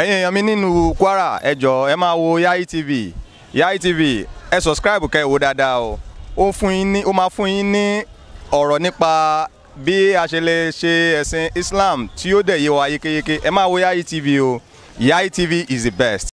ẹ̀yin èèyàn mi nínú Kwara ẹ jọ̀ọ́ ẹ máa wo Yayi TV Yayi TV ẹ subscribe kẹ́ ẹ wo dáadáa o ó fún yín ní ó máa fún yín ní ọ̀rọ̀ nípa bí a ṣe lè ṣe ẹ̀sìn Islam tí ó dẹ̀ yé wa yékéyéké ẹ máa wo Yayi TV o Yayi TV is the best.